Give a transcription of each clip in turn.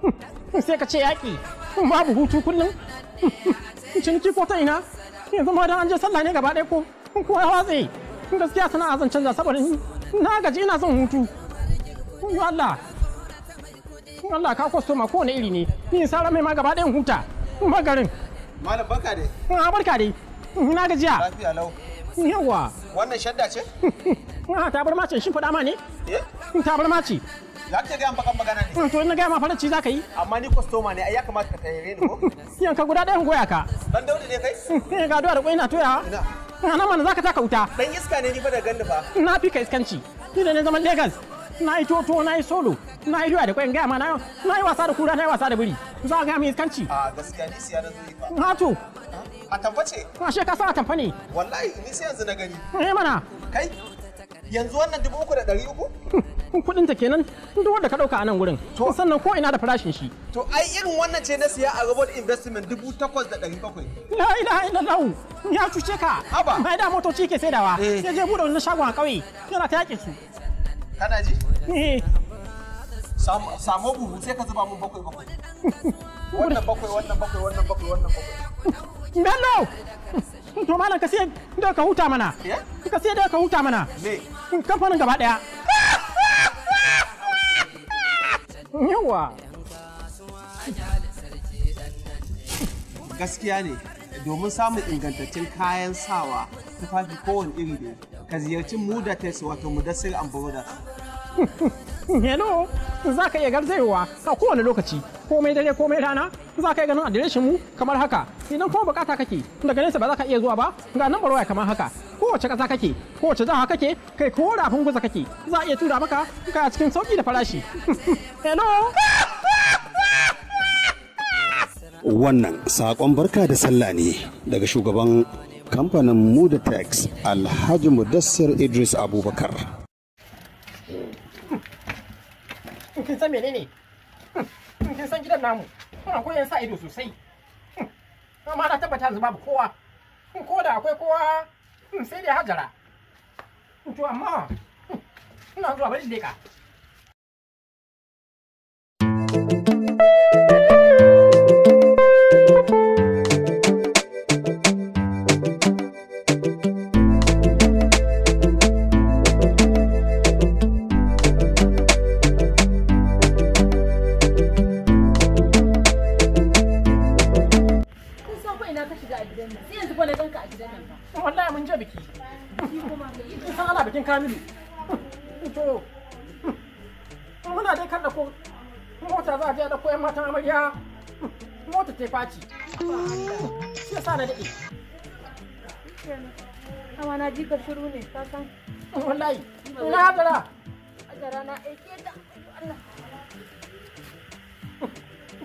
sai ka ce yaƙi babu hutu kullum ciniki ko ta ina yanzu ma dan an je sallah ne gaba ɗaya ko ko ya watse gaskiya sana azan canza saboda na gaji ina son hutu Allah Allah ka kwastoma kowane iri ne ni sara mai ma gaba ɗayan huta magarin malam barka dai a ah, barka dai na gajiya lafiya lau yawa wannan shadda ce ah, ta bar ma ce shin faɗa ma ne eh? ta bar ma ce Za ka gaya bakan magana ne. To na gaya ma ci za ka yi. Amma ni kwastoma ne ai ya kamata ka tayare ni ko? Yanka guda ɗaya ɗayan goya ka. ban daudi ne kai? Eh, ga doya da kwai na toya. Ina. Ana mana za ka taka wuta. Dan iska ne ni fa da ganni fa. Na fi ka iskanci. Ni da ne zaman legas. na yi toto na yi solo na yi doya da kwayan gaya ma na yi wasa da kura na yi wasa da biri za a gaya mai iskanci a gaskiya ni siya na zuri ba ha to a tamfa ce ashe she ka sa a tamfa ne wallahi ni sai yanzu na gani eh mana kai yanzu wannan dubu uku da ɗari uku? kuɗin ta kenan duk wanda ka ɗauka a nan To sannan ko ina da farashin shi. to ai irin wannan ce na siya a robot investment dubu takwas da ɗari bakwai. la ilaha illallah ya cuce ka. haba mai da motoci ke saidawa eh. sai je buɗe wani shagon a ƙauye yana ta yaƙe su. kana ji? Eh. samo buhu sai ka zuba mun bakwai bakwai. wannan bakwai wannan bakwai wannan bakwai wannan bakwai. bello to malam ka sai da ka huta mana. Eh? ka sai da ka huta mana. me? kamfanin gaba daya yawa gaskiya ne domin samun ingantaccen kayan sawa tufafi kowane iri ne ka ziyarci muda test wato mudassir and brothers hello za ka iya garzayowa a kowane lokaci komai dare komai rana za ka iya ganin adireshin mu kamar haka idan kuma bukata kake daga nesa ba za ka iya zuwa ba ga nambar waya kamar haka kowace ƙasa kake kowace jaha kake kai ko rafin guza kake za a iya tura maka kaya cikin sauki da farashi hello wannan saƙon barka da sallah ne daga shugaban kamfanin mudatex alhaji mudassir idris abubakar kin san menene kin san gidan namu muna koyon sa ido sosai amma na tabbata yanzu babu kowa ko da akwai kowa Msaidia Hajara, ina ka shiga a gidan nan sai yanzu ko na ganka a gidan nan ba wallahi mun je biki san bikin kamilu to muna dai kan da ko mota za a je da ko matan amarya mota ta faci shi yasa na dade amma na ji ka shiru ne ka san wallahi na hadara hadara na aike Allah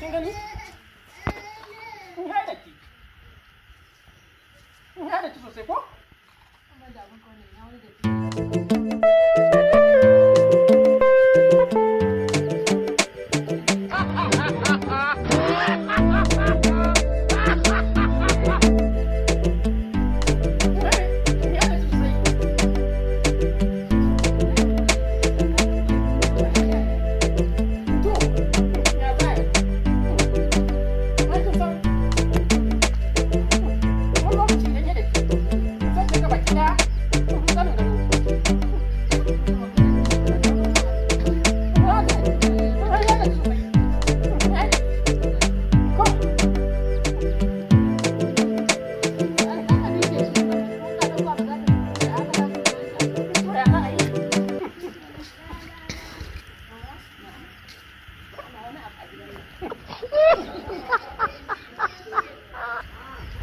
kin gani ya da ki ya da ki sosai ko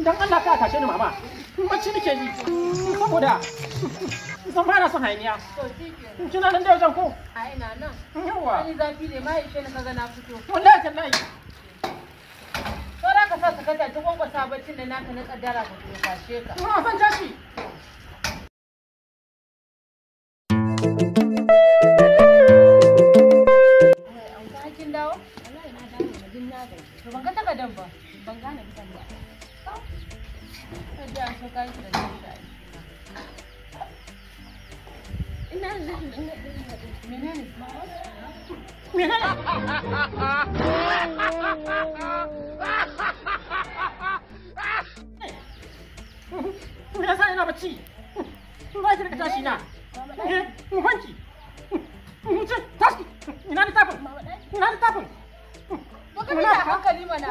dan Allah ka tashe ni mama bacci nake yi saboda zan fara son hainiya kina nan da wajen ko a ina nan yawa ni zafi ne mai shi ne kaga na fito wallahi tallahi da ka sa sakata ta gwangwasa baccin da naka na kaddara ka tashe ka a ban tashi ba. ban gane bitan ta a hankali mana.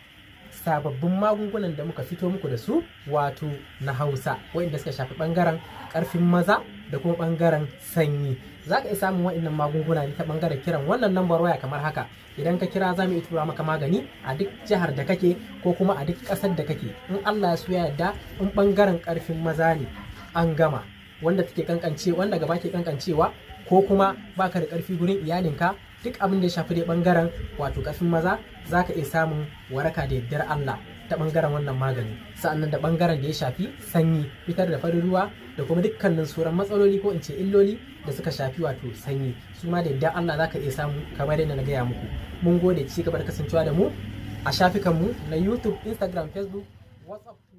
sababbin magungunan da muka fito muku da su wato na hausa wa'inda suka shafi bangaren karfin maza da kuma bangaren sanyi za ka iya samun wa'innan magunguna ne ta bangaren kiran wannan lambar waya kamar haka idan ka kira za mu iya tura maka magani a duk jihar da kake ko kuma a duk ƙasar da kake in allah ya suya ya yarda in bangaren karfin maza ne an gama wanda take kankance wanda gaba ke kankancewa ko kuma baka da karfi gurin iyalinka duk abin da ya shafi dai bangaren wato kafin maza za ka iya samun waraka da yaddar Allah ta bangaren wannan magani sa'annan da bangaren da ya shafi sanyi fitar da farin ruwa da kuma dukkanin sauran matsaloli ko in ce illoli da suka shafi wato sanyi su ma da yaddar Allah za ka iya samu kamar yadda na gaya muku mun gode ci gaba da kasancewa da mu a mu na YouTube Instagram Facebook WhatsApp